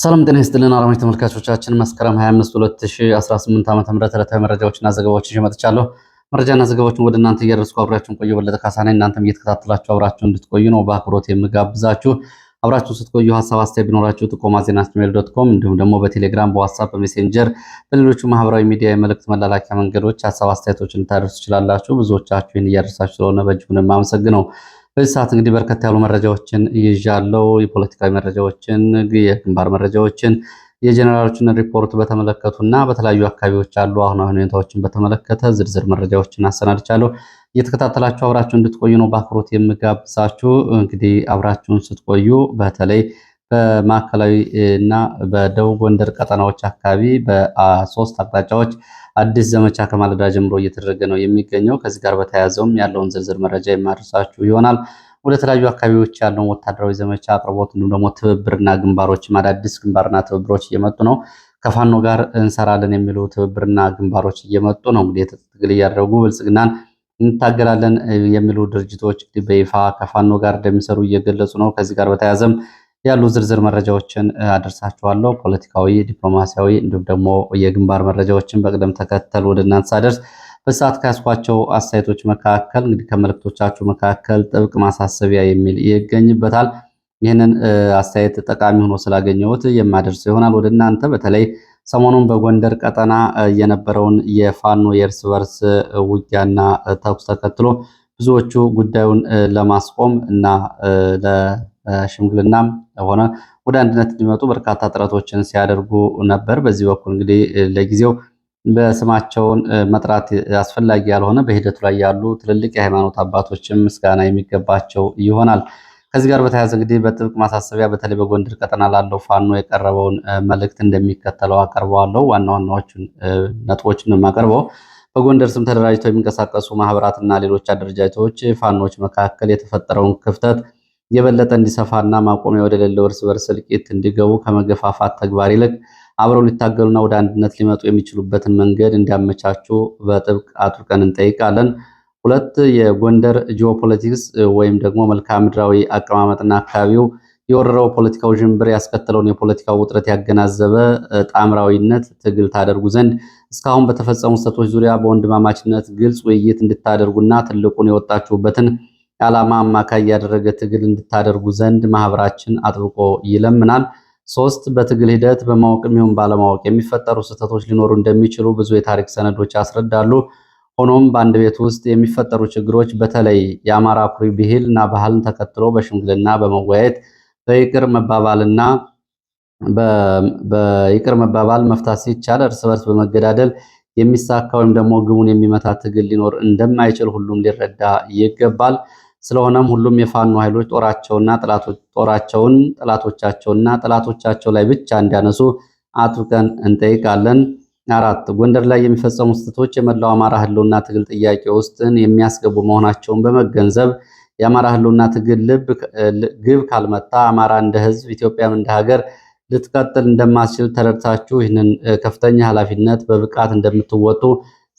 ሰላም ጤና ይስጥልን አድማጭ ተመልካቾቻችን፣ መስከረም 25 2018 ዓ.ም ዕለታዊ መረጃዎችና ዘገባዎች ይዤ መጥቻለሁ። መረጃና ዘገባዎችን ወደ እናንተ እያደረስኩ አብራችሁን ቆዩ። በለጠ ካሳ ነኝ። እናንተም እየተከታተላችሁ አብራችሁ እንድትቆዩ ነው በአክብሮት የምጋብዛችሁ። አብራችሁ ስትቆዩ ሀሳብ አስተያየት ቢኖራችሁ ጥቆማ ዜና ጂሜል ዶት ኮም እንዲሁም ደግሞ በቴሌግራም በዋትሳፕ በሜሴንጀር በሌሎቹ ማህበራዊ ሚዲያ የመልእክት መላላኪያ መንገዶች ሀሳብ አስተያየቶችን ልታደርሱ ትችላላችሁ። ብዙዎቻችሁ ይህን እያደረሳችሁ ስለሆነ በእጅጉን የማመሰግነው። በዚህ ሰዓት እንግዲህ በርከት ያሉ መረጃዎችን ይዣለው። የፖለቲካዊ መረጃዎችን፣ የግንባር መረጃዎችን፣ የጀኔራሎችን ሪፖርት በተመለከቱ እና በተለያዩ አካባቢዎች ያሉ አሁን አሁን ሁኔታዎችን በተመለከተ ዝርዝር መረጃዎችን አሰናድቻለሁ። እየተከታተላችሁ አብራችሁ እንድትቆዩ ነው በአክብሮት የምጋብዛችሁ። እንግዲህ አብራችሁን ስትቆዩ በተለይ በማዕከላዊ እና በደቡብ ጎንደር ቀጠናዎች አካባቢ በሶስት አቅጣጫዎች አዲስ ዘመቻ ከማለዳ ጀምሮ እየተደረገ ነው የሚገኘው። ከዚህ ጋር በተያያዘውም ያለውን ዝርዝር መረጃ የማድረሳችሁ ይሆናል። ወደ ተለያዩ አካባቢዎች ያለውን ወታደራዊ ዘመቻ አቅርቦት፣ እንዲሁም ደግሞ ትብብርና ግንባሮችም አዳዲስ ግንባርና ትብብሮች እየመጡ ነው። ከፋኖ ጋር እንሰራለን የሚሉ ትብብርና ግንባሮች እየመጡ ነው። እንግዲህ ትግል እያደረጉ ብልጽግናን እንታገላለን የሚሉ ድርጅቶች በይፋ ከፋኖ ጋር እንደሚሰሩ እየገለጹ ነው። ከዚህ ጋር በተያያዘም ያሉ ዝርዝር መረጃዎችን አደርሳችኋለሁ። ፖለቲካዊ፣ ዲፕሎማሲያዊ እንዲሁም ደግሞ የግንባር መረጃዎችን በቅደም ተከተል ወደ እናንተ ሳደርስ በሰዓት ከያዝኳቸው አስተያየቶች መካከል እንግዲህ ከመልእክቶቻችሁ መካከል ጥብቅ ማሳሰቢያ የሚል ይገኝበታል። ይህንን አስተያየት ጠቃሚ ሆኖ ስላገኘሁት የማደርሰው ይሆናል ወደ እናንተ። በተለይ ሰሞኑን በጎንደር ቀጠና የነበረውን የፋኖ የእርስ በርስ ውጊያና ተኩስ ተከትሎ ብዙዎቹ ጉዳዩን ለማስቆም እና ሽምግልናም ሆነ ወደ አንድነት እንዲመጡ በርካታ ጥረቶችን ሲያደርጉ ነበር። በዚህ በኩል እንግዲህ ለጊዜው በስማቸውን መጥራት አስፈላጊ ያልሆነ በሂደቱ ላይ ያሉ ትልልቅ የሃይማኖት አባቶችም ምስጋና የሚገባቸው ይሆናል። ከዚህ ጋር በተያያዘ እንግዲህ በጥብቅ ማሳሰቢያ በተለይ በጎንደር ቀጠና ላለው ፋኖ የቀረበውን መልእክት እንደሚከተለው አቀርበዋለሁ። ዋና ዋናዎቹን ነጥቦችን የማቀርበው በጎንደር ስም ተደራጅተው የሚንቀሳቀሱ ማህበራትና ሌሎች አደረጃጀቶች ፋኖች መካከል የተፈጠረውን ክፍተት የበለጠ እንዲሰፋና ማቆሚያ ወደሌለው እርስ በርስ እልቂት እንዲገቡ ከመገፋፋት ተግባር ይልቅ አብረው ሊታገሉና ወደ አንድነት ሊመጡ የሚችሉበትን መንገድ እንዲያመቻቹ በጥብቅ አጥብቀን እንጠይቃለን። ሁለት የጎንደር ጂኦፖለቲክስ ወይም ደግሞ መልክዓ ምድራዊ አቀማመጥና አካባቢው የወረረው ፖለቲካው ዥንብር ያስከተለውን የፖለቲካ ውጥረት ያገናዘበ ጣምራዊነት ትግል ታደርጉ ዘንድ እስካሁን በተፈጸሙ ስህተቶች ዙሪያ በወንድማማችነት ግልጽ ውይይት እንድታደርጉና ትልቁን የወጣችሁበትን የዓላማ አማካይ ያደረገ ትግል እንድታደርጉ ዘንድ ማህበራችን አጥብቆ ይለምናል። ሶስት በትግል ሂደት በማወቅ ይሁን ባለማወቅ የሚፈጠሩ ስህተቶች ሊኖሩ እንደሚችሉ ብዙ የታሪክ ሰነዶች ያስረዳሉ። ሆኖም በአንድ ቤት ውስጥ የሚፈጠሩ ችግሮች በተለይ የአማራ ኩሪ ብሂል እና ባህልን ተከትሎ በሽምግልና በመወያየት በይቅር መባባልና በይቅር መባባል መፍታት ሲቻል እርስ በርስ በመገዳደል የሚሳካ ወይም ደግሞ ግቡን የሚመታ ትግል ሊኖር እንደማይችል ሁሉም ሊረዳ ይገባል። ስለሆነም ሁሉም የፋኖ ኃይሎች ጦራቸውና ጦራቸውን ጠላቶቻቸውና ጠላቶቻቸው ላይ ብቻ እንዲያነሱ አጥብቀን እንጠይቃለን። አራት ጎንደር ላይ የሚፈጸሙ ስህተቶች የመላው አማራ ህልውና ትግል ጥያቄ ውስጥን የሚያስገቡ መሆናቸውን በመገንዘብ የአማራ ህልውና ትግል ልብ ግብ ካልመታ አማራ እንደ ህዝብ ኢትዮጵያም እንደ ሀገር ልትቀጥል እንደማትችል ተረድታችሁ ይህንን ከፍተኛ ኃላፊነት በብቃት እንደምትወጡ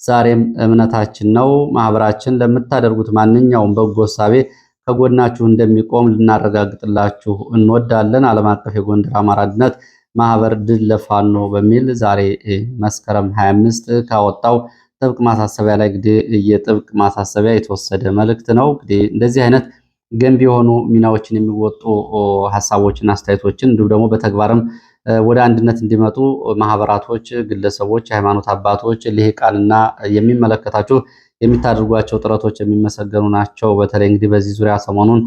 ዛሬም እምነታችን ነው። ማህበራችን ለምታደርጉት ማንኛውም በጎ እሳቤ ከጎናችሁ እንደሚቆም ልናረጋግጥላችሁ እንወዳለን። ዓለም አቀፍ የጎንደር አማራ ማህበር ድል ለፋኖ በሚል ዛሬ መስከረም 25 ካወጣው ጥብቅ ማሳሰቢያ ላይ እንግዲህ የጥብቅ ማሳሰቢያ የተወሰደ መልእክት ነው። እንግዲህ እንደዚህ አይነት ገንቢ የሆኑ ሚናዎችን የሚወጡ ሀሳቦችን፣ አስተያየቶችን እንዲሁም ደግሞ በተግባርም ወደ አንድነት እንዲመጡ ማህበራቶች፣ ግለሰቦች፣ የሃይማኖት አባቶች፣ ልሂቃንና የሚመለከታችሁ የሚታደርጓቸው ጥረቶች የሚመሰገኑ ናቸው። በተለይ እንግዲህ በዚህ ዙሪያ ሰሞኑን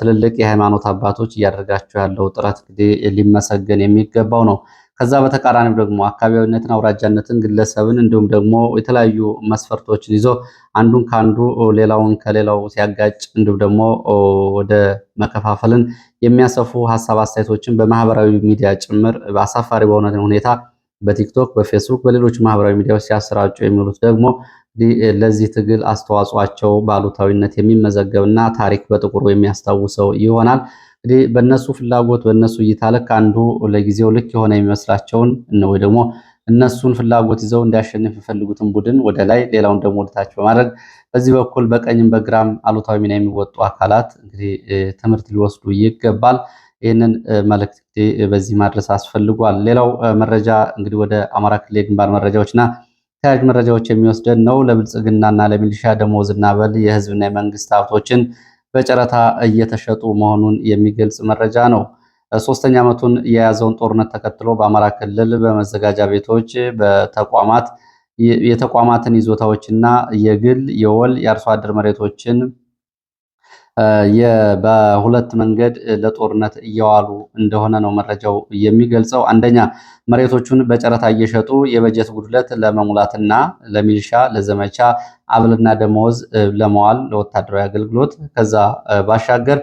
ትልልቅ የሃይማኖት አባቶች እያደረጋቸው ያለው ጥረት እንግዲህ ሊመሰገን የሚገባው ነው። ከዛ በተቃራኒው ደግሞ አካባቢያዊነትን፣ አውራጃነትን፣ ግለሰብን እንዲሁም ደግሞ የተለያዩ መስፈርቶችን ይዞ አንዱን ከአንዱ ሌላውን ከሌላው ሲያጋጭ እንዲሁም ደግሞ ወደ መከፋፈልን የሚያሰፉ ሀሳብ አስተያየቶችን በማህበራዊ ሚዲያ ጭምር በአሳፋሪ በሆነ ሁኔታ በቲክቶክ፣ በፌስቡክ፣ በሌሎች ማህበራዊ ሚዲያዎች ሲያሰራጩ የሚሉት ደግሞ ለዚህ ትግል አስተዋጽኦቸው ባሉታዊነት የሚመዘገብና ታሪክ በጥቁሩ የሚያስታውሰው ይሆናል። እንግዲህ በእነሱ ፍላጎት በእነሱ እይታ ልክ አንዱ ለጊዜው ልክ የሆነ የሚመስላቸውን ወይ ደግሞ እነሱን ፍላጎት ይዘው እንዲያሸንፍ የሚፈልጉትን ቡድን ወደ ላይ፣ ሌላውን ደግሞ ወደታች በማድረግ በዚህ በኩል በቀኝም በግራም አሉታዊ ሚና የሚወጡ አካላት እንግዲህ ትምህርት ሊወስዱ ይገባል። ይህንን መልእክት እንግዲህ በዚህ ማድረስ አስፈልጓል። ሌላው መረጃ እንግዲህ ወደ አማራ ክልል የግንባር መረጃዎችና ተያያዥ መረጃዎች የሚወስደን ነው። ለብልጽግናና ለሚሊሻ ደሞዝና በል የህዝብና የመንግስት ሀብቶችን በጨረታ እየተሸጡ መሆኑን የሚገልጽ መረጃ ነው። ሶስተኛ ዓመቱን የያዘውን ጦርነት ተከትሎ በአማራ ክልል በመዘጋጃ ቤቶች፣ በተቋማት የተቋማትን ይዞታዎችና የግል የወል የአርሶ አደር መሬቶችን በሁለት መንገድ ለጦርነት እየዋሉ እንደሆነ ነው መረጃው የሚገልጸው። አንደኛ መሬቶቹን በጨረታ እየሸጡ የበጀት ጉድለት ለመሙላትና ለሚሊሻ ለዘመቻ አብልና ደመወዝ ለመዋል ለወታደራዊ አገልግሎት ከዛ ባሻገር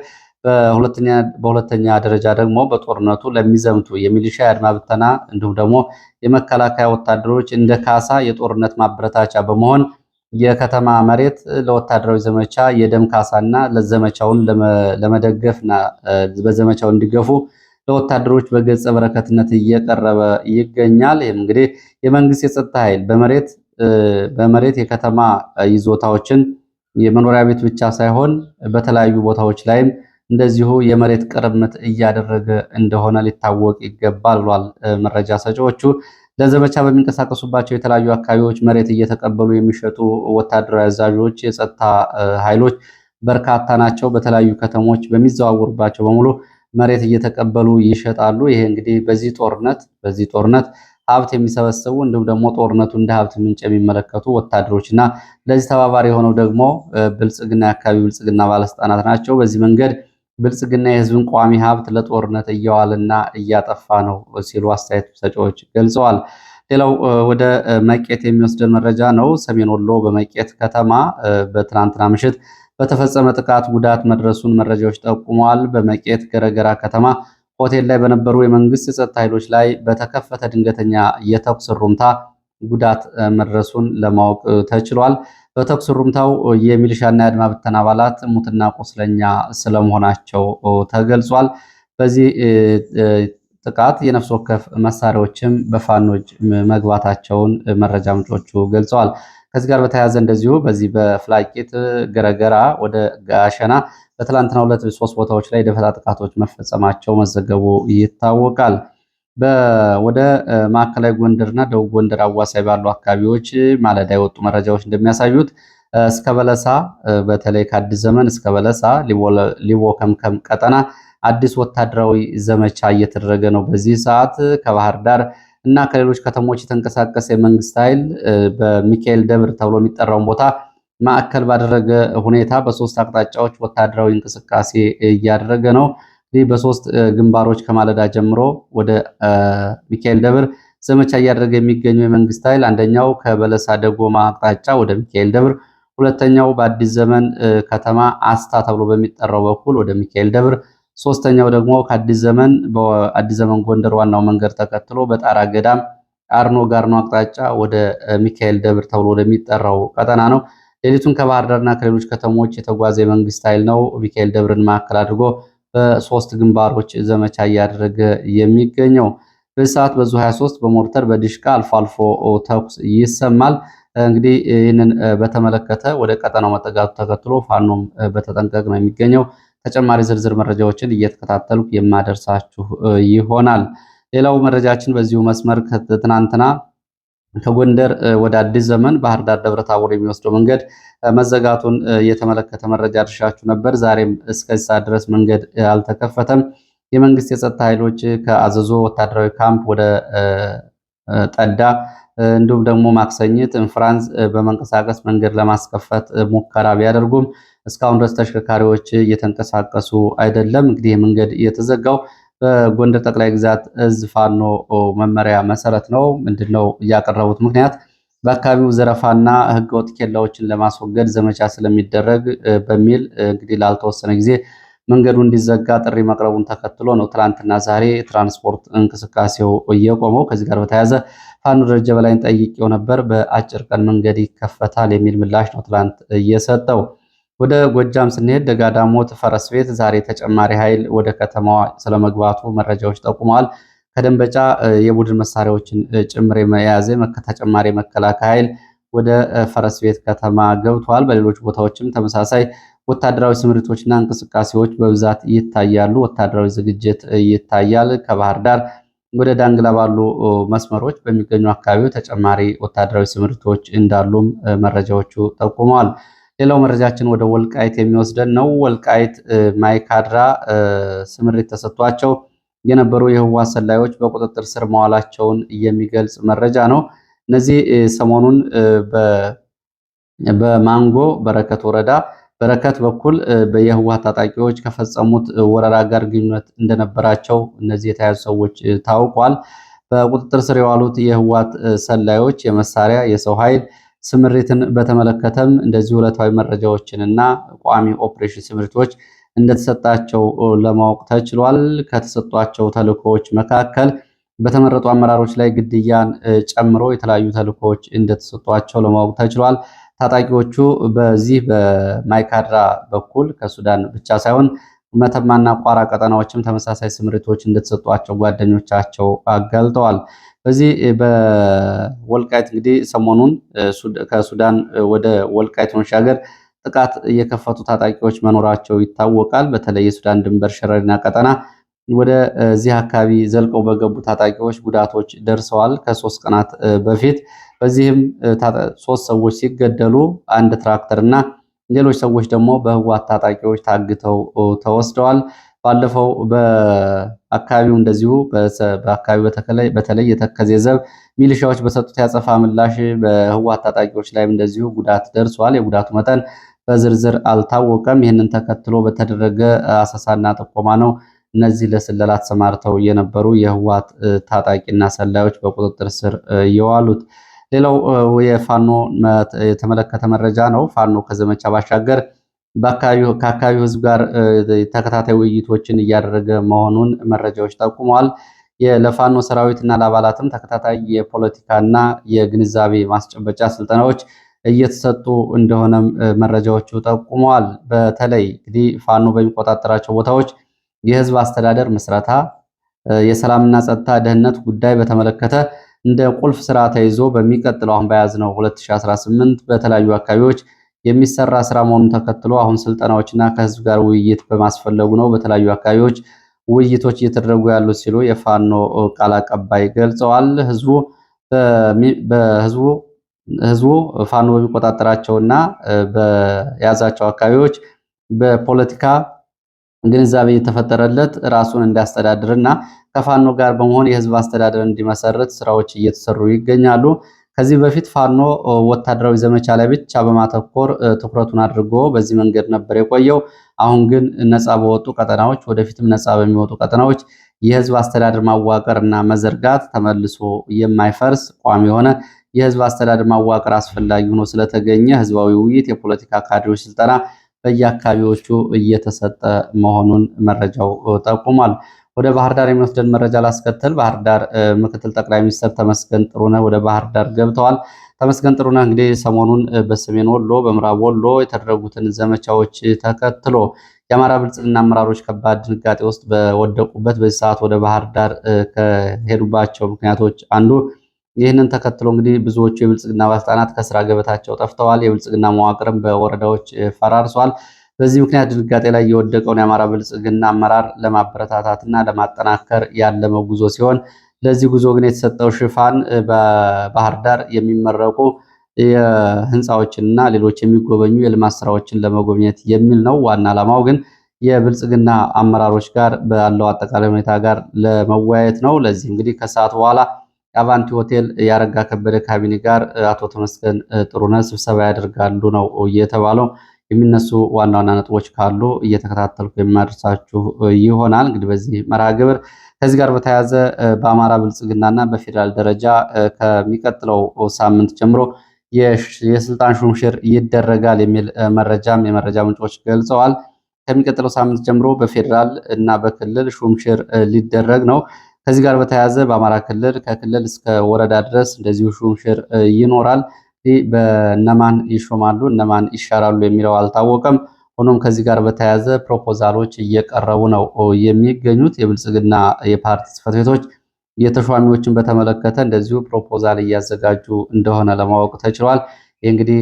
በሁለተኛ ደረጃ ደግሞ በጦርነቱ ለሚዘምቱ የሚሊሻ የአድማ ብተና እንዲሁም ደግሞ የመከላከያ ወታደሮች እንደ ካሳ የጦርነት ማበረታቻ በመሆን የከተማ መሬት ለወታደራዊ ዘመቻ የደም ካሳና ለዘመቻውን ለመደገፍና በዘመቻው እንዲገፉ ለወታደሮች በገጸ በረከትነት እየቀረበ ይገኛል። ይህም እንግዲህ የመንግስት የጸጥታ ኃይል በመሬት በመሬት የከተማ ይዞታዎችን የመኖሪያ ቤት ብቻ ሳይሆን በተለያዩ ቦታዎች ላይም እንደዚሁ የመሬት ቅርምት እያደረገ እንደሆነ ሊታወቅ ይገባል ብሏል መረጃ ሰጪዎቹ። ለዘመቻ በሚንቀሳቀሱባቸው የተለያዩ አካባቢዎች መሬት እየተቀበሉ የሚሸጡ ወታደራዊ አዛዦች፣ የጸጥታ ኃይሎች በርካታ ናቸው። በተለያዩ ከተሞች በሚዘዋወሩባቸው በሙሉ መሬት እየተቀበሉ ይሸጣሉ። ይሄ እንግዲህ በዚህ ጦርነት በዚህ ጦርነት ሀብት የሚሰበስቡ እንዲሁም ደግሞ ጦርነቱ እንደ ሀብት ምንጭ የሚመለከቱ ወታደሮች እና ለዚህ ተባባሪ የሆነው ደግሞ ብልጽግና የአካባቢ ብልጽግና ባለስልጣናት ናቸው። በዚህ መንገድ ብልጽግና የህዝብን ቋሚ ሀብት ለጦርነት እያዋልና እያጠፋ ነው ሲሉ አስተያየት ሰጪዎች ገልጸዋል። ሌላው ወደ መቄት የሚወስደን መረጃ ነው። ሰሜን ወሎ በመቄት ከተማ በትናንትና ምሽት በተፈጸመ ጥቃት ጉዳት መድረሱን መረጃዎች ጠቁመዋል። በመቄት ገረገራ ከተማ ሆቴል ላይ በነበሩ የመንግስት የጸጥታ ኃይሎች ላይ በተከፈተ ድንገተኛ የተኩስ ሩምታ ጉዳት መድረሱን ለማወቅ ተችሏል። በተኩስ ሩምታው የሚሊሻና የአድማ ብተን አባላት ሙትና ቁስለኛ ስለመሆናቸው ተገልጿል። በዚህ ጥቃት የነፍስ ወከፍ መሳሪያዎችም በፋኖች መግባታቸውን መረጃ ምንጮቹ ገልጸዋል። ከዚህ ጋር በተያያዘ እንደዚሁ በዚህ በፍላቂት ገረገራ ወደ ጋሸና በትላንትና ሁለት ሶስት ቦታዎች ላይ የደፈጣ ጥቃቶች መፈጸማቸው መዘገቡ ይታወቃል። ወደ ማዕከላዊ ጎንደርና ደቡብ ጎንደር አዋሳኝ ባሉ አካባቢዎች ማለዳ የወጡ መረጃዎች እንደሚያሳዩት እስከ በለሳ በተለይ ከአዲስ ዘመን እስከ በለሳ ሊቦ ከምከም ቀጠና አዲስ ወታደራዊ ዘመቻ እየተደረገ ነው። በዚህ ሰዓት ከባህር ዳር እና ከሌሎች ከተሞች የተንቀሳቀሰ የመንግስት ኃይል በሚካኤል ደብር ተብሎ የሚጠራውን ቦታ ማዕከል ባደረገ ሁኔታ በሶስት አቅጣጫዎች ወታደራዊ እንቅስቃሴ እያደረገ ነው። እንግዲህ በሶስት ግንባሮች ከማለዳ ጀምሮ ወደ ሚካኤል ደብር ዘመቻ እያደረገ የሚገኘው የመንግስት ኃይል አንደኛው ከበለሳ ደጎማ አቅጣጫ ወደ ሚካኤል ደብር፣ ሁለተኛው በአዲስ ዘመን ከተማ አስታ ተብሎ በሚጠራው በኩል ወደ ሚካኤል ደብር፣ ሶስተኛው ደግሞ ከአዲስ ዘመን በአዲስ ዘመን ጎንደር ዋናው መንገድ ተከትሎ በጣራ ገዳም አርኖ ጋርኖ አቅጣጫ ወደ ሚካኤል ደብር ተብሎ ወደሚጠራው ቀጠና ነው። ሌሊቱን ከባህር ዳርና ከሌሎች ከተሞች የተጓዘ የመንግስት ኃይል ነው ሚካኤል ደብርን ማዕከል አድርጎ በሶስት ግንባሮች ዘመቻ እያደረገ የሚገኘው በሰዓት ሰዓት በዙ 23 በሞርተር በዲሽቃ አልፎ አልፎ ተኩስ ይሰማል። እንግዲህ ይህንን በተመለከተ ወደ ቀጠናው መጠጋቱ ተከትሎ ፋኖም በተጠንቀቅ ነው የሚገኘው። ተጨማሪ ዝርዝር መረጃዎችን እየተከታተሉ የማደርሳችሁ ይሆናል። ሌላው መረጃችን በዚሁ መስመር ትናንትና ከጎንደር ወደ አዲስ ዘመን ባህር ዳር ደብረ ታቦር የሚወስደው መንገድ መዘጋቱን የተመለከተ መረጃ አድርሻችሁ ነበር። ዛሬም እስከዚህ ሰዓት ድረስ መንገድ አልተከፈተም። የመንግስት የጸጥታ ኃይሎች ከአዘዞ ወታደራዊ ካምፕ ወደ ጠዳ እንዲሁም ደግሞ ማክሰኝት እንፍራንስ በመንቀሳቀስ መንገድ ለማስከፈት ሙከራ ቢያደርጉም እስካሁን ድረስ ተሽከርካሪዎች እየተንቀሳቀሱ አይደለም። እንግዲህ መንገድ እየተዘጋው በጎንደር ጠቅላይ ግዛት እዝ ፋኖ መመሪያ መሰረት ነው። ምንድነው እያቀረቡት ምክንያት በአካባቢው ዘረፋና ህገወጥ ኬላዎችን ለማስወገድ ዘመቻ ስለሚደረግ በሚል እንግዲህ ላልተወሰነ ጊዜ መንገዱ እንዲዘጋ ጥሪ መቅረቡን ተከትሎ ነው ትናንትና ዛሬ ትራንስፖርት እንቅስቃሴው እየቆመው። ከዚህ ጋር በተያያዘ ፋኖ ደረጀ በላይን ጠይቄው ነበር። በአጭር ቀን መንገድ ይከፈታል የሚል ምላሽ ነው ትላንት እየሰጠው ወደ ጎጃም ስንሄድ ደጋዳሞት ፈረስ ቤት ዛሬ ተጨማሪ ኃይል ወደ ከተማዋ ስለመግባቱ መረጃዎች ጠቁመዋል። ከደንበጫ የቡድን መሳሪያዎችን ጭምር የመያዘ ተጨማሪ መከላከያ ኃይል ወደ ፈረስ ቤት ከተማ ገብቷል። በሌሎች ቦታዎችም ተመሳሳይ ወታደራዊ ስምሪቶችና እንቅስቃሴዎች በብዛት ይታያሉ። ወታደራዊ ዝግጅት ይታያል። ከባህር ዳር ወደ ዳንግላ ባሉ መስመሮች በሚገኙ አካባቢው ተጨማሪ ወታደራዊ ስምሪቶች እንዳሉም መረጃዎቹ ጠቁመዋል። ሌላው መረጃችን ወደ ወልቃይት የሚወስደን ነው። ወልቃይት ማይካድራ ስምሪት ተሰጥቷቸው የነበሩ የህወሓት ሰላዮች በቁጥጥር ስር መዋላቸውን የሚገልጽ መረጃ ነው። እነዚህ ሰሞኑን በማንጎ በረከት ወረዳ በረከት በኩል የህወሓት ታጣቂዎች ከፈጸሙት ወረራ ጋር ግንኙነት እንደነበራቸው እነዚህ የተያዙ ሰዎች ታውቋል። በቁጥጥር ስር የዋሉት የህወሓት ሰላዮች የመሳሪያ የሰው ኃይል ስምሪትን በተመለከተም እንደዚህ ዕለታዊ መረጃዎችን እና ቋሚ ኦፕሬሽን ስምሪቶች እንደተሰጣቸው ለማወቅ ተችሏል። ከተሰጧቸው ተልእኮዎች መካከል በተመረጡ አመራሮች ላይ ግድያን ጨምሮ የተለያዩ ተልእኮዎች እንደተሰጧቸው ለማወቅ ተችሏል። ታጣቂዎቹ በዚህ በማይካድራ በኩል ከሱዳን ብቻ ሳይሆን መተማና ቋራ ቀጠናዎችም ተመሳሳይ ስምሪቶች እንደተሰጧቸው ጓደኞቻቸው አጋልጠዋል። በዚህ በወልቃይት እንግዲህ ሰሞኑን ከሱዳን ወደ ወልቃይት መሻገር ጥቃት የከፈቱ ታጣቂዎች መኖራቸው ይታወቃል። በተለይ የሱዳን ድንበር ሸረሪና ቀጠና ወደዚህ አካባቢ ዘልቀው በገቡ ታጣቂዎች ጉዳቶች ደርሰዋል። ከሶስት ቀናት በፊት በዚህም ሶስት ሰዎች ሲገደሉ አንድ ትራክተር እና ሌሎች ሰዎች ደግሞ በህዋት ታጣቂዎች ታግተው ተወስደዋል። ባለፈው አካባቢው እንደዚሁ በአካባቢው በተለይ የተከዜ ዘብ ሚሊሻዎች በሰጡት ያጸፋ ምላሽ በህወሓት ታጣቂዎች ላይም እንደዚሁ ጉዳት ደርሷል። የጉዳቱ መጠን በዝርዝር አልታወቀም። ይህንን ተከትሎ በተደረገ አሰሳና ጥቆማ ነው እነዚህ ለስለላ ተሰማርተው የነበሩ የህወሓት ታጣቂና ሰላዮች በቁጥጥር ስር የዋሉት። ሌላው የፋኖ የተመለከተ መረጃ ነው። ፋኖ ከዘመቻ ባሻገር ከአካባቢው ህዝብ ጋር ተከታታይ ውይይቶችን እያደረገ መሆኑን መረጃዎች ጠቁመዋል። ለፋኖ ሰራዊትና ለአባላትም ተከታታይ የፖለቲካና የግንዛቤ ማስጨበጫ ስልጠናዎች እየተሰጡ እንደሆነም መረጃዎቹ ጠቁመዋል። በተለይ እንግዲህ ፋኖ በሚቆጣጠራቸው ቦታዎች የህዝብ አስተዳደር ምስረታ፣ የሰላምና ጸጥታ ደህንነት ጉዳይ በተመለከተ እንደ ቁልፍ ስራ ተይዞ በሚቀጥለው አሁን በያዝነው 2018 በተለያዩ አካባቢዎች የሚሰራ ስራ መሆኑን ተከትሎ አሁን ስልጠናዎችና ከህዝብ ጋር ውይይት በማስፈለጉ ነው በተለያዩ አካባቢዎች ውይይቶች እየተደረጉ ያሉት ሲሉ የፋኖ ቃል አቀባይ ገልጸዋል። ህዝቡ ህዝቡ ፋኖ በሚቆጣጠራቸውና በያዛቸው አካባቢዎች በፖለቲካ ግንዛቤ የተፈጠረለት ራሱን እንዲያስተዳድርና ከፋኖ ጋር በመሆን የህዝብ አስተዳደር እንዲመሰርት ስራዎች እየተሰሩ ይገኛሉ። ከዚህ በፊት ፋኖ ወታደራዊ ዘመቻ ላይ ብቻ በማተኮር ትኩረቱን አድርጎ በዚህ መንገድ ነበር የቆየው። አሁን ግን ነፃ በወጡ ቀጠናዎች፣ ወደፊትም ነፃ በሚወጡ ቀጠናዎች የህዝብ አስተዳደር ማዋቀር እና መዘርጋት ተመልሶ የማይፈርስ ቋሚ የሆነ የህዝብ አስተዳደር ማዋቀር አስፈላጊ ሆኖ ስለተገኘ ህዝባዊ ውይይት፣ የፖለቲካ ካድሬዎች ስልጠና በየአካባቢዎቹ እየተሰጠ መሆኑን መረጃው ጠቁሟል። ወደ ባህር ዳር የሚወስደን መረጃ ላስከተል። ባህር ዳር ምክትል ጠቅላይ ሚኒስትር ተመስገን ጥሩነህ ወደ ባህር ዳር ገብተዋል። ተመስገን ጥሩነህ እንግዲህ ሰሞኑን በሰሜን ወሎ፣ በምዕራብ ወሎ የተደረጉትን ዘመቻዎች ተከትሎ የአማራ ብልጽግና አመራሮች ከባድ ድንጋጤ ውስጥ በወደቁበት በዚህ ሰዓት ወደ ባህር ዳር ከሄዱባቸው ምክንያቶች አንዱ ይህንን ተከትሎ እንግዲህ ብዙዎቹ የብልጽግና ባለስልጣናት ከስራ ገበታቸው ጠፍተዋል። የብልጽግና መዋቅርም በወረዳዎች ፈራርሷል። በዚህ ምክንያት ድንጋጤ ላይ የወደቀውን የአማራ ብልጽግና አመራር ለማበረታታትና ለማጠናከር ያለመው ጉዞ ሲሆን ለዚህ ጉዞ ግን የተሰጠው ሽፋን በባህር ዳር የሚመረቁ የህንፃዎችንና ሌሎች የሚጎበኙ የልማት ስራዎችን ለመጎብኘት የሚል ነው። ዋና ዓላማው ግን የብልጽግና አመራሮች ጋር ባለው አጠቃላይ ሁኔታ ጋር ለመወያየት ነው። ለዚህ እንግዲህ ከሰዓት በኋላ አቫንቲ ሆቴል ያረጋ ከበደ ካቢኔ ጋር አቶ ተመስገን ጥሩነህ ስብሰባ ያደርጋሉ ነው እየተባለው። የሚነሱ ዋና ዋና ነጥቦች ካሉ እየተከታተልኩ የማደርሳችሁ ይሆናል። እንግዲህ በዚህ መርሃ ግብር ከዚህ ጋር በተያያዘ በአማራ ብልጽግናና በፌዴራል ደረጃ ከሚቀጥለው ሳምንት ጀምሮ የስልጣን ሹምሽር ይደረጋል የሚል መረጃም የመረጃ ምንጮች ገልጸዋል። ከሚቀጥለው ሳምንት ጀምሮ በፌዴራል እና በክልል ሹምሽር ሊደረግ ነው። ከዚህ ጋር በተያያዘ በአማራ ክልል ከክልል እስከ ወረዳ ድረስ እንደዚሁ ሹምሽር ይኖራል። በእነማን ይሾማሉ እነማን ይሻራሉ የሚለው አልታወቀም። ሆኖም ከዚህ ጋር በተያያዘ ፕሮፖዛሎች እየቀረቡ ነው የሚገኙት። የብልጽግና የፓርቲ ጽፈት ቤቶች የተሿሚዎችን በተመለከተ እንደዚሁ ፕሮፖዛል እያዘጋጁ እንደሆነ ለማወቅ ተችሏል። ይህ እንግዲህ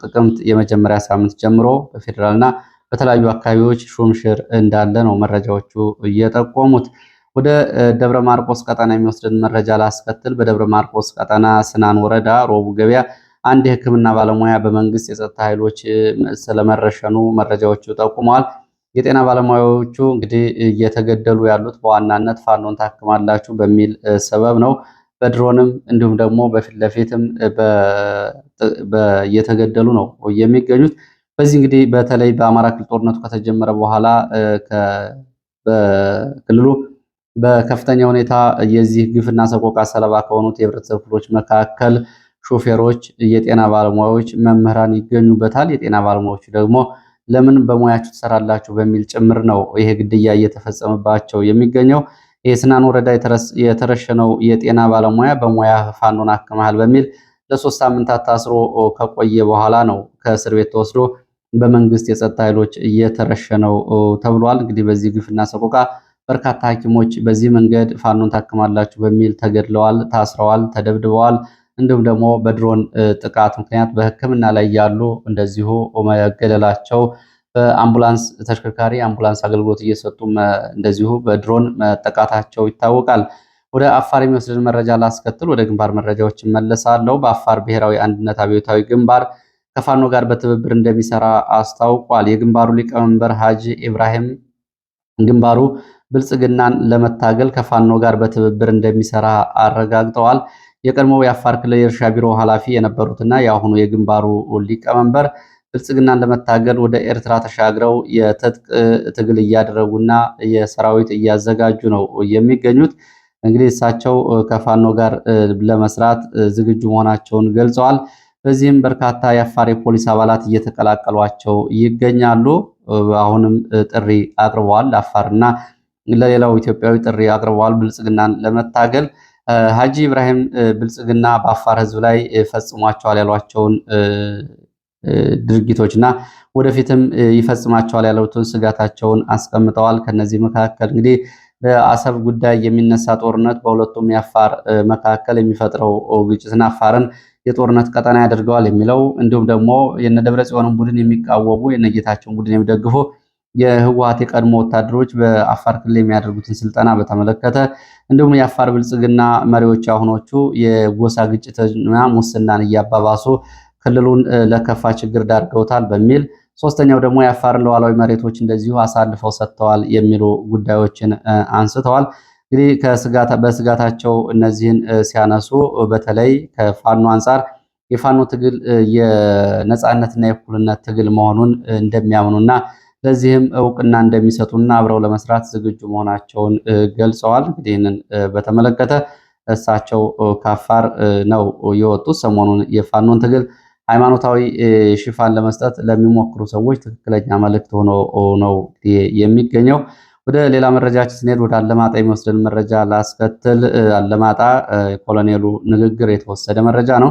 ከጥቅምት የመጀመሪያ ሳምንት ጀምሮ በፌዴራልና በተለያዩ አካባቢዎች ሹምሽር እንዳለ ነው መረጃዎቹ እየጠቆሙት። ወደ ደብረ ማርቆስ ቀጠና የሚወስድን መረጃ ላስከትል። በደብረ ማርቆስ ቀጠና ስናን ወረዳ ሮቡ ገበያ አንድ የህክምና ባለሙያ በመንግስት የጸጥታ ኃይሎች ስለመረሸኑ መረጃዎቹ ጠቁመዋል። የጤና ባለሙያዎቹ እንግዲህ እየተገደሉ ያሉት በዋናነት ፋኖን ታክማላችሁ በሚል ሰበብ ነው። በድሮንም እንዲሁም ደግሞ በፊት ለፊትም እየተገደሉ ነው የሚገኙት። በዚህ እንግዲህ በተለይ በአማራ ክልል ጦርነቱ ከተጀመረ በኋላ በክልሉ በከፍተኛ ሁኔታ የዚህ ግፍና ሰቆቃ ሰለባ ከሆኑት የህብረተሰብ ክፍሎች መካከል ሾፌሮች፣ የጤና ባለሙያዎች፣ መምህራን ይገኙበታል። የጤና ባለሙያዎቹ ደግሞ ለምን በሙያችሁ ትሰራላችሁ በሚል ጭምር ነው ይሄ ግድያ እየተፈጸመባቸው የሚገኘው። የስናን ወረዳ የተረሸነው የጤና ባለሙያ በሙያ ፋኖን አክመሃል በሚል ለሶስት ሳምንታት ታስሮ ከቆየ በኋላ ነው ከእስር ቤት ተወስዶ በመንግስት የጸጥታ ኃይሎች እየተረሸነው ተብሏል። እንግዲህ በዚህ ግፍና ሰቆቃ በርካታ ሐኪሞች በዚህ መንገድ ፋኖን ታክማላችሁ በሚል ተገድለዋል፣ ታስረዋል፣ ተደብድበዋል። እንዲሁም ደግሞ በድሮን ጥቃት ምክንያት በሕክምና ላይ ያሉ እንደዚሁ መገለላቸው በአምቡላንስ ተሽከርካሪ አምቡላንስ አገልግሎት እየሰጡ እንደዚሁ በድሮን መጠቃታቸው ይታወቃል። ወደ አፋር የሚወስድን መረጃ ላስከትል፣ ወደ ግንባር መረጃዎች እመለሳለሁ። በአፋር ብሔራዊ አንድነት አብዮታዊ ግንባር ከፋኖ ጋር በትብብር እንደሚሰራ አስታውቋል። የግንባሩ ሊቀመንበር ሀጂ ኢብራሂም ግንባሩ ብልጽግናን ለመታገል ከፋኖ ጋር በትብብር እንደሚሰራ አረጋግጠዋል። የቀድሞ የአፋር ክልል የእርሻ ቢሮ ኃላፊ የነበሩትና የአሁኑ የግንባሩ ሊቀመንበር ብልጽግናን ለመታገል ወደ ኤርትራ ተሻግረው የትጥቅ ትግል እያደረጉና የሰራዊት እያዘጋጁ ነው የሚገኙት። እንግዲህ እሳቸው ከፋኖ ጋር ለመስራት ዝግጁ መሆናቸውን ገልጸዋል። በዚህም በርካታ የአፋር የፖሊስ አባላት እየተቀላቀሏቸው ይገኛሉ። አሁንም ጥሪ አቅርበዋል። ለአፋርና ለሌላው ኢትዮጵያዊ ጥሪ አቅርበዋል ብልጽግናን ለመታገል ሀጂ ኢብራሂም ብልጽግና በአፋር ህዝብ ላይ ፈጽሟቸዋል ያሏቸውን ድርጊቶች እና ወደፊትም ይፈጽማቸዋል ያሉትን ስጋታቸውን አስቀምጠዋል። ከነዚህ መካከል እንግዲህ በአሰብ ጉዳይ የሚነሳ ጦርነት በሁለቱም የአፋር መካከል የሚፈጥረው ግጭትና አፋርን የጦርነት ቀጠና ያደርገዋል የሚለው እንዲሁም ደግሞ የነደብረ ጽዮንን ቡድን የሚቃወሙ የነጌታቸውን ቡድን የሚደግፉ የህወሀት የቀድሞ ወታደሮች በአፋር ክልል የሚያደርጉትን ስልጠና በተመለከተ እንዲሁም የአፋር ብልጽግና መሪዎች አሁኖቹ የጎሳ ግጭትና ሙስናን እያባባሱ ክልሉን ለከፋ ችግር ዳርገውታል በሚል ሶስተኛው ደግሞ የአፋርን ሉዓላዊ መሬቶች እንደዚሁ አሳልፈው ሰጥተዋል የሚሉ ጉዳዮችን አንስተዋል። እንግዲህ በስጋታቸው እነዚህን ሲያነሱ በተለይ ከፋኖ አንጻር የፋኖ ትግል የነፃነትና የእኩልነት ትግል መሆኑን እንደሚያምኑና ለዚህም እውቅና እንደሚሰጡና አብረው ለመስራት ዝግጁ መሆናቸውን ገልጸዋል። እንግዲህ ይህንን በተመለከተ እሳቸው ከአፋር ነው የወጡት። ሰሞኑን የፋኖን ትግል ሃይማኖታዊ ሽፋን ለመስጠት ለሚሞክሩ ሰዎች ትክክለኛ መልእክት ሆኖ ነው የሚገኘው። ወደ ሌላ መረጃችን ስንሄድ ወደ አለማጣ የሚወስደን መረጃ ላስከትል። አለማጣ ኮሎኔሉ ንግግር የተወሰደ መረጃ ነው።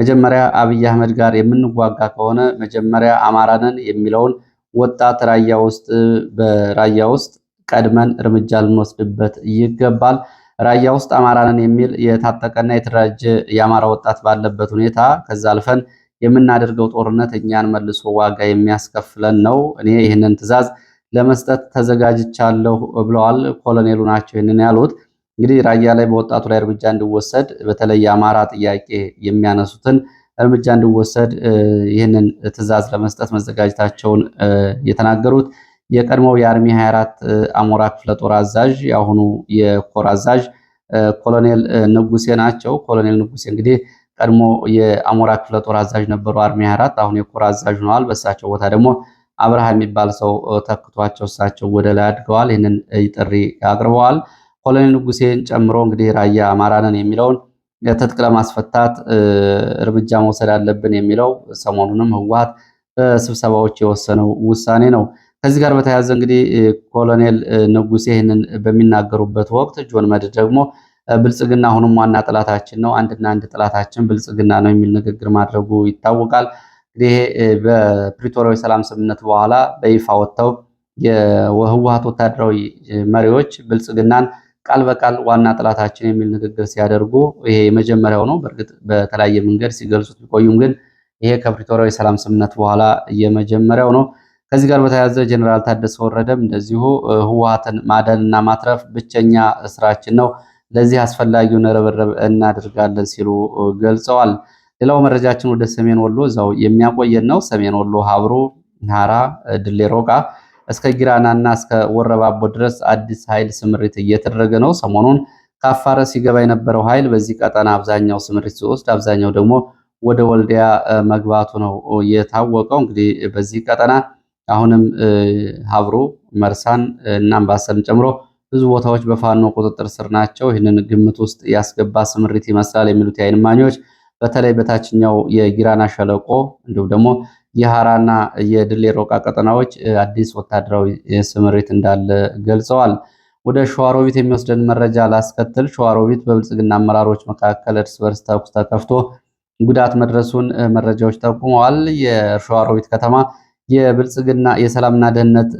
መጀመሪያ አብይ አህመድ ጋር የምንዋጋ ከሆነ መጀመሪያ አማራ ነን የሚለውን ወጣት ራያ ውስጥ በራያ ውስጥ ቀድመን እርምጃ ልንወስድበት ይገባል። ራያ ውስጥ አማራንን የሚል የታጠቀና የተደራጀ የአማራ ወጣት ባለበት ሁኔታ ከዛ አልፈን የምናደርገው ጦርነት እኛን መልሶ ዋጋ የሚያስከፍለን ነው። እኔ ይህንን ትዕዛዝ ለመስጠት ተዘጋጅቻለሁ ብለዋል። ኮሎኔሉ ናቸው ይህንን ያሉት። እንግዲህ ራያ ላይ በወጣቱ ላይ እርምጃ እንዲወሰድ በተለይ የአማራ ጥያቄ የሚያነሱትን እርምጃ እንዲወሰድ ይህንን ትዕዛዝ ለመስጠት መዘጋጀታቸውን የተናገሩት የቀድሞው የአርሚ 24 አሞራ ክፍለ ጦር አዛዥ የአሁኑ የኮር አዛዥ ኮሎኔል ንጉሴ ናቸው። ኮሎኔል ንጉሴ እንግዲህ ቀድሞ የአሞራ ክፍለ ጦር አዛዥ ነበሩ፣ አርሚ 24 አሁን የኮር አዛዥ ሆነዋል። በእሳቸው ቦታ ደግሞ አብርሃ የሚባል ሰው ተክቷቸው እሳቸው ወደ ላይ አድገዋል። ይህንን ጥሪ አቅርበዋል። ኮሎኔል ንጉሴን ጨምሮ እንግዲህ ራያ አማራ ነን የሚለውን ትጥቅ ለማስፈታት እርምጃ መውሰድ አለብን የሚለው ሰሞኑንም ህወሓት በስብሰባዎች የወሰነው ውሳኔ ነው። ከዚህ ጋር በተያያዘ እንግዲህ ኮሎኔል ንጉሴ ይህንን በሚናገሩበት ወቅት ጆን መድ ደግሞ ብልጽግና አሁንም ዋና ጥላታችን ነው፣ አንድና አንድ ጥላታችን ብልጽግና ነው የሚል ንግግር ማድረጉ ይታወቃል። እንግዲህ በፕሪቶሪያዊ ሰላም ስምምነት በኋላ በይፋ ወጥተው የህወሓት ወታደራዊ መሪዎች ብልጽግናን ቃል በቃል ዋና ጥላታችን የሚል ንግግር ሲያደርጉ ይሄ የመጀመሪያው ነው። በእርግጥ በተለያየ መንገድ ሲገልጹት ቢቆዩም ግን ይሄ ከፕሪቶሪያ የሰላም ስምምነት በኋላ የመጀመሪያው ነው። ከዚህ ጋር በተያያዘ ጀኔራል ታደሰ ወረደም እንደዚሁ ህወሓትን ማደንና ማትረፍ ብቸኛ ስራችን ነው፣ ለዚህ አስፈላጊውን ርብርብ እናደርጋለን ሲሉ ገልጸዋል። ሌላው መረጃችን ወደ ሰሜን ወሎ እዛው የሚያቆየን ነው። ሰሜን ወሎ ሀብሩ፣ ሀራ ድሌ ሮቃ እስከ ጊራናና እስከ ወረባቦ ድረስ አዲስ ኃይል ስምሪት እየተደረገ ነው። ሰሞኑን ከአፋረ ሲገባ የነበረው ኃይል በዚህ ቀጠና አብዛኛው ስምሪት ሲወስድ፣ አብዛኛው ደግሞ ወደ ወልዲያ መግባቱ ነው የታወቀው። እንግዲህ በዚህ ቀጠና አሁንም ሀብሩ፣ መርሳን እና አምባሰልን ጨምሮ ብዙ ቦታዎች በፋኖ ቁጥጥር ስር ናቸው። ይህንን ግምት ውስጥ ያስገባ ስምሪት ይመስላል የሚሉት የአይን እማኞች በተለይ በታችኛው የጊራና ሸለቆ እንዲሁም ደግሞ የሐራና የድሌ ሮቃ ቀጠናዎች አዲስ ወታደራዊ ስምሪት እንዳለ ገልጸዋል። ወደ ሸዋሮቢት የሚወስደን መረጃ ላስከትል። ሸዋሮቢት በብልጽግና አመራሮች መካከል እርስ በርስ ተኩስ ተከፍቶ ጉዳት መድረሱን መረጃዎች ጠቁመዋል። የሸዋሮቢት ከተማ የብልጽግና የሰላምና ደህንነት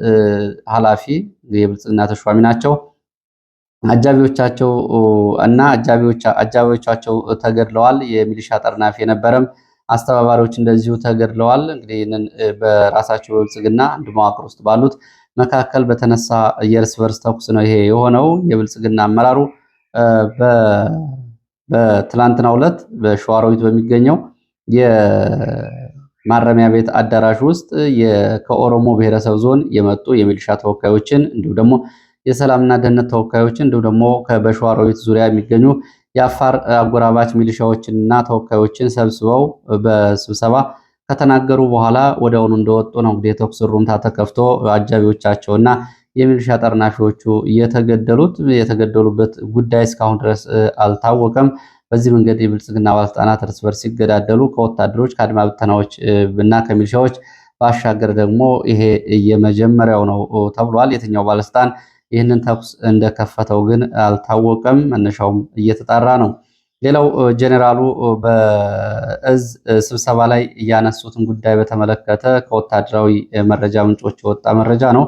ኃላፊ የብልጽግና ተሿሚ ናቸው። አጃቢዎቻቸው እና አጃቢዎቻቸው ተገድለዋል። የሚሊሻ ጠርናፊ የነበረም አስተባባሪዎች እንደዚሁ ተገድለዋል። እንግዲህ ይህንን በራሳቸው በብልጽግና አንድ መዋቅር ውስጥ ባሉት መካከል በተነሳ የእርስ በርስ ተኩስ ነው ይሄ የሆነው። የብልጽግና አመራሩ በትላንትናው ዕለት በሸዋሮቢት በሚገኘው የማረሚያ ቤት አዳራሽ ውስጥ ከኦሮሞ ብሔረሰብ ዞን የመጡ የሚሊሻ ተወካዮችን እንዲሁም ደግሞ የሰላምና ደህንነት ተወካዮችን እንዲሁም ደግሞ በሸዋሮቢት ዙሪያ የሚገኙ የአፋር አጎራባች ሚሊሻዎችንና ተወካዮችን ሰብስበው በስብሰባ ከተናገሩ በኋላ ወዲያውኑ እንደወጡ ነው እንግዲህ የተኩስ ሩምታ ተከፍቶ አጃቢዎቻቸውና የሚሊሻ ጠርናፊዎቹ የተገደሉት። የተገደሉበት ጉዳይ እስካሁን ድረስ አልታወቀም። በዚህ መንገድ የብልጽግና ባለስልጣናት እርስ በርስ ሲገዳደሉ ከወታደሮች ከአድማ ብተናዎች እና ከሚሊሻዎች ባሻገር ደግሞ ይሄ የመጀመሪያው ነው ተብሏል። የትኛው ባለስልጣን ይህንን ተኩስ እንደከፈተው ግን አልታወቀም። መነሻውም እየተጣራ ነው። ሌላው ጀኔራሉ በእዝ ስብሰባ ላይ ያነሱትን ጉዳይ በተመለከተ ከወታደራዊ መረጃ ምንጮች የወጣ መረጃ ነው።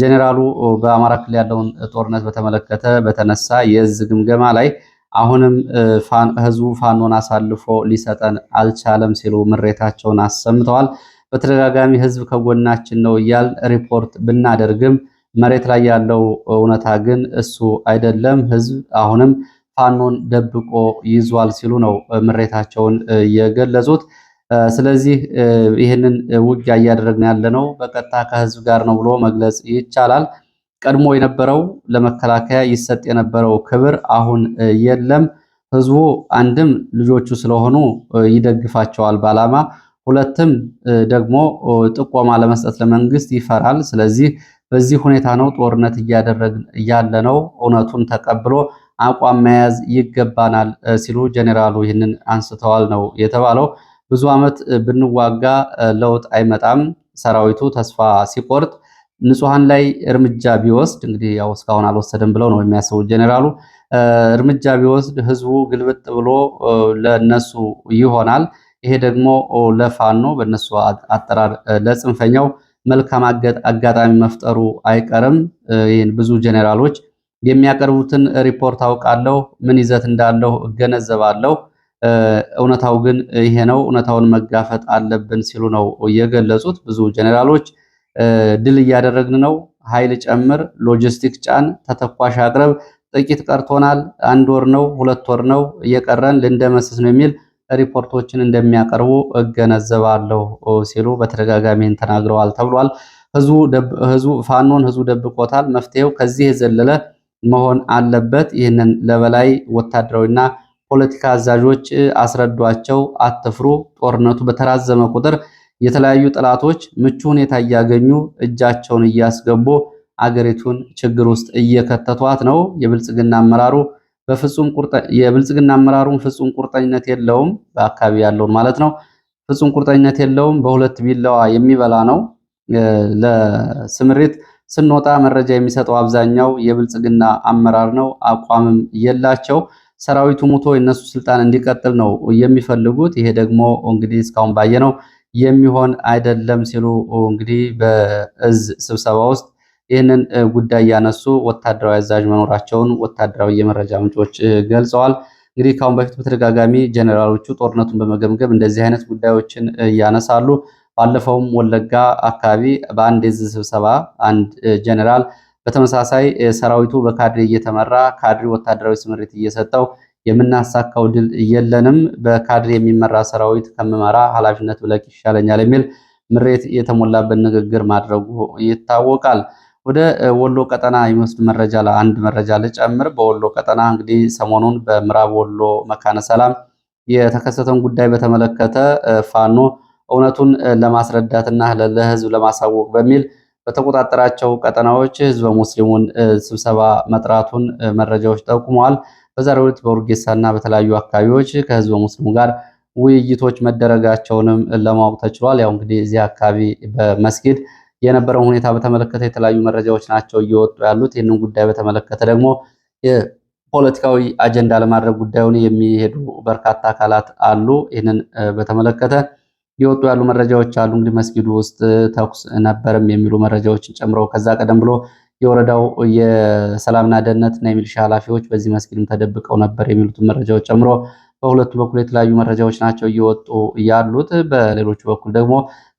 ጀኔራሉ በአማራ ክልል ያለውን ጦርነት በተመለከተ በተነሳ የእዝ ግምገማ ላይ አሁንም ህዝቡ ፋኖን አሳልፎ ሊሰጠን አልቻለም ሲሉ ምሬታቸውን አሰምተዋል። በተደጋጋሚ ህዝብ ከጎናችን ነው እያል ሪፖርት ብናደርግም መሬት ላይ ያለው እውነታ ግን እሱ አይደለም። ህዝብ አሁንም ፋኖን ደብቆ ይዟል ሲሉ ነው ምሬታቸውን የገለጹት። ስለዚህ ይህንን ውጊያ እያደረግን ያለነው በቀጥታ ከህዝብ ጋር ነው ብሎ መግለጽ ይቻላል። ቀድሞ የነበረው ለመከላከያ ይሰጥ የነበረው ክብር አሁን የለም። ህዝቡ አንድም ልጆቹ ስለሆኑ ይደግፋቸዋል በዓላማ ሁለትም ደግሞ ጥቆማ ለመስጠት ለመንግስት ይፈራል። ስለዚህ በዚህ ሁኔታ ነው ጦርነት እያደረግ ያለ ነው። እውነቱን ተቀብሎ አቋም መያዝ ይገባናል ሲሉ ጀኔራሉ ይህንን አንስተዋል ነው የተባለው። ብዙ ዓመት ብንዋጋ ለውጥ አይመጣም። ሰራዊቱ ተስፋ ሲቆርጥ ንጹሐን ላይ እርምጃ ቢወስድ እንግዲህ ያው እስካሁን አልወሰደም ብለው ነው የሚያስቡት ጀኔራሉ። እርምጃ ቢወስድ ህዝቡ ግልብጥ ብሎ ለነሱ ይሆናል። ይሄ ደግሞ ለፋኖ በነሱ አጠራር ለጽንፈኛው መልካም አጋጣሚ መፍጠሩ አይቀርም። ይህን ብዙ ጀኔራሎች የሚያቀርቡትን ሪፖርት አውቃለሁ፣ ምን ይዘት እንዳለው እገነዘባለሁ፣ እውነታው ግን ይሄ ነው፣ እውነታውን መጋፈጥ አለብን ሲሉ ነው የገለጹት። ብዙ ጀኔራሎች ድል እያደረግን ነው፣ ኃይል ጨምር፣ ሎጂስቲክ ጫን፣ ተተኳሽ አቅርብ፣ ጥቂት ቀርቶናል፣ አንድ ወር ነው፣ ሁለት ወር ነው የቀረን፣ ልንደመስስ ነው የሚል ሪፖርቶችን እንደሚያቀርቡ እገነዘባለሁ ሲሉ በተደጋጋሚ ተናግረዋል ተብሏል። ህዝቡ ፋኖን ህዝቡ ደብቆታል። መፍትሄው ከዚህ የዘለለ መሆን አለበት። ይህንን ለበላይ ወታደራዊና ፖለቲካ አዛዦች አስረዷቸው። አትፍሩ። ጦርነቱ በተራዘመ ቁጥር የተለያዩ ጠላቶች ምቹ ሁኔታ እያገኙ እጃቸውን እያስገቡ አገሪቱን ችግር ውስጥ እየከተቷት ነው። የብልጽግና አመራሩ በፍጹም የብልጽግና አመራሩን ፍጹም ቁርጠኝነት የለውም፣ በአካባቢ ያለውን ማለት ነው። ፍጹም ቁርጠኝነት የለውም። በሁለት ቢላዋ የሚበላ ነው። ለስምሪት ስንወጣ መረጃ የሚሰጠው አብዛኛው የብልጽግና አመራር ነው። አቋምም የላቸው። ሰራዊቱ ሙቶ የነሱ ስልጣን እንዲቀጥል ነው የሚፈልጉት። ይሄ ደግሞ እንግዲህ እስካሁን ባየነው የሚሆን አይደለም ሲሉ እንግዲህ በእዝ ስብሰባ ውስጥ ይህንን ጉዳይ ያነሱ ወታደራዊ አዛዥ መኖራቸውን ወታደራዊ የመረጃ ምንጮች ገልጸዋል። እንግዲህ ከአሁን በፊት በተደጋጋሚ ጀኔራሎቹ ጦርነቱን በመገምገም እንደዚህ አይነት ጉዳዮችን ያነሳሉ። ባለፈውም ወለጋ አካባቢ በአንድ የዝ ስብሰባ አንድ ጀኔራል በተመሳሳይ ሰራዊቱ በካድሬ እየተመራ ካድሬ ወታደራዊ ስምሪት እየሰጠው የምናሳካው ድል የለንም፣ በካድሬ የሚመራ ሰራዊት ከምመራ ኃላፊነት ብለቅ ይሻለኛል የሚል ምሬት የተሞላበት ንግግር ማድረጉ ይታወቃል። ወደ ወሎ ቀጠና የሚወስድ መረጃ አንድ መረጃ ልጨምር። በወሎ ቀጠና እንግዲህ ሰሞኑን በምዕራብ ወሎ መካነ ሰላም የተከሰተውን ጉዳይ በተመለከተ ፋኖ እውነቱን ለማስረዳትና ለህዝብ ለማሳወቅ በሚል በተቆጣጠራቸው ቀጠናዎች ህዝበ ሙስሊሙን ስብሰባ መጥራቱን መረጃዎች ጠቁመዋል። በዛሬው ዕለት በውርጌሳና በተለያዩ አካባቢዎች ከህዝበ ሙስሊሙ ጋር ውይይቶች መደረጋቸውንም ለማወቅ ተችሏል። ያው እንግዲህ እዚህ አካባቢ በመስጊድ የነበረውን ሁኔታ በተመለከተ የተለያዩ መረጃዎች ናቸው እየወጡ ያሉት። ይህንን ጉዳይ በተመለከተ ደግሞ የፖለቲካዊ አጀንዳ ለማድረግ ጉዳዩን የሚሄዱ በርካታ አካላት አሉ። ይህንን በተመለከተ የወጡ ያሉ መረጃዎች አሉ። እንግዲህ መስጊዱ ውስጥ ተኩስ ነበርም የሚሉ መረጃዎችን ጨምረው ከዛ ቀደም ብሎ የወረዳው የሰላምና ደህንነትና የሚሊሻ ኃላፊዎች በዚህ መስጊድም ተደብቀው ነበር የሚሉትን መረጃዎች ጨምሮ በሁለቱ በኩል የተለያዩ መረጃዎች ናቸው እየወጡ ያሉት። በሌሎቹ በኩል ደግሞ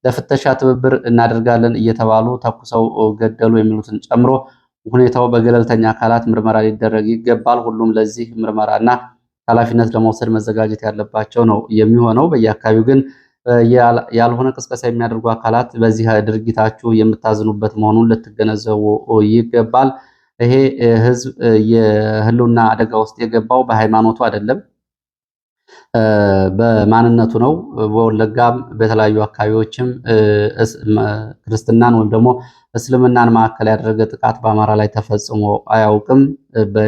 ለፍተሻ ትብብር እናደርጋለን እየተባሉ ተኩሰው ገደሉ የሚሉትን ጨምሮ ሁኔታው በገለልተኛ አካላት ምርመራ ሊደረግ ይገባል። ሁሉም ለዚህ ምርመራና ኃላፊነት ለመውሰድ መዘጋጀት ያለባቸው ነው የሚሆነው። በየአካባቢው ግን ያልሆነ ቅስቀሳ የሚያደርጉ አካላት በዚህ ድርጊታችሁ የምታዝኑበት መሆኑን ልትገነዘቡ ይገባል። ይሄ ህዝብ የህልውና አደጋ ውስጥ የገባው በሃይማኖቱ አይደለም። በማንነቱ ነው። በወለጋም በተለያዩ አካባቢዎችም ክርስትናን ወይም ደግሞ እስልምናን ማዕከል ያደረገ ጥቃት በአማራ ላይ ተፈጽሞ አያውቅም።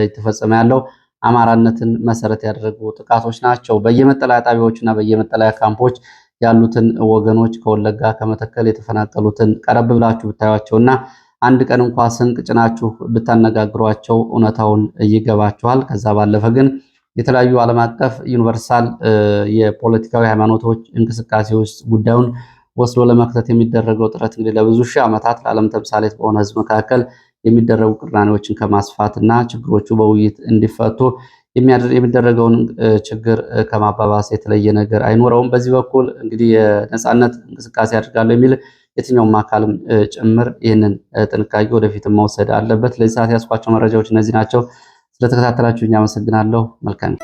የተፈጸመ ያለው አማራነትን መሰረት ያደረጉ ጥቃቶች ናቸው። በየመጠለያ ጣቢያዎች እና በየመጠለያ ካምፖች ያሉትን ወገኖች ከወለጋ ከመተከል የተፈናቀሉትን ቀረብ ብላችሁ ብታዩቸው እና አንድ ቀን እንኳ ስንቅ ጭናችሁ ብታነጋግሯቸው እውነታውን ይገባችኋል። ከዛ ባለፈ ግን የተለያዩ ዓለም አቀፍ ዩኒቨርሳል የፖለቲካዊ ሃይማኖቶች እንቅስቃሴ ውስጥ ጉዳዩን ወስዶ ለመክተት የሚደረገው ጥረት እንግዲህ ለብዙ ሺህ ዓመታት ለዓለም ተምሳሌት በሆነ ህዝብ መካከል የሚደረጉ ቅራኔዎችን ከማስፋት እና ችግሮቹ በውይይት እንዲፈቱ የሚደረገውን ችግር ከማባባስ የተለየ ነገር አይኖረውም። በዚህ በኩል እንግዲህ የነፃነት እንቅስቃሴ አድርጋለሁ የሚል የትኛውም አካልም ጭምር ይህንን ጥንቃቄ ወደፊትም መውሰድ አለበት። ለዚህ ሰዓት ያስኳቸው መረጃዎች እነዚህ ናቸው። ስለተከታተላችሁ እኛ አመሰግናለሁ። መልካም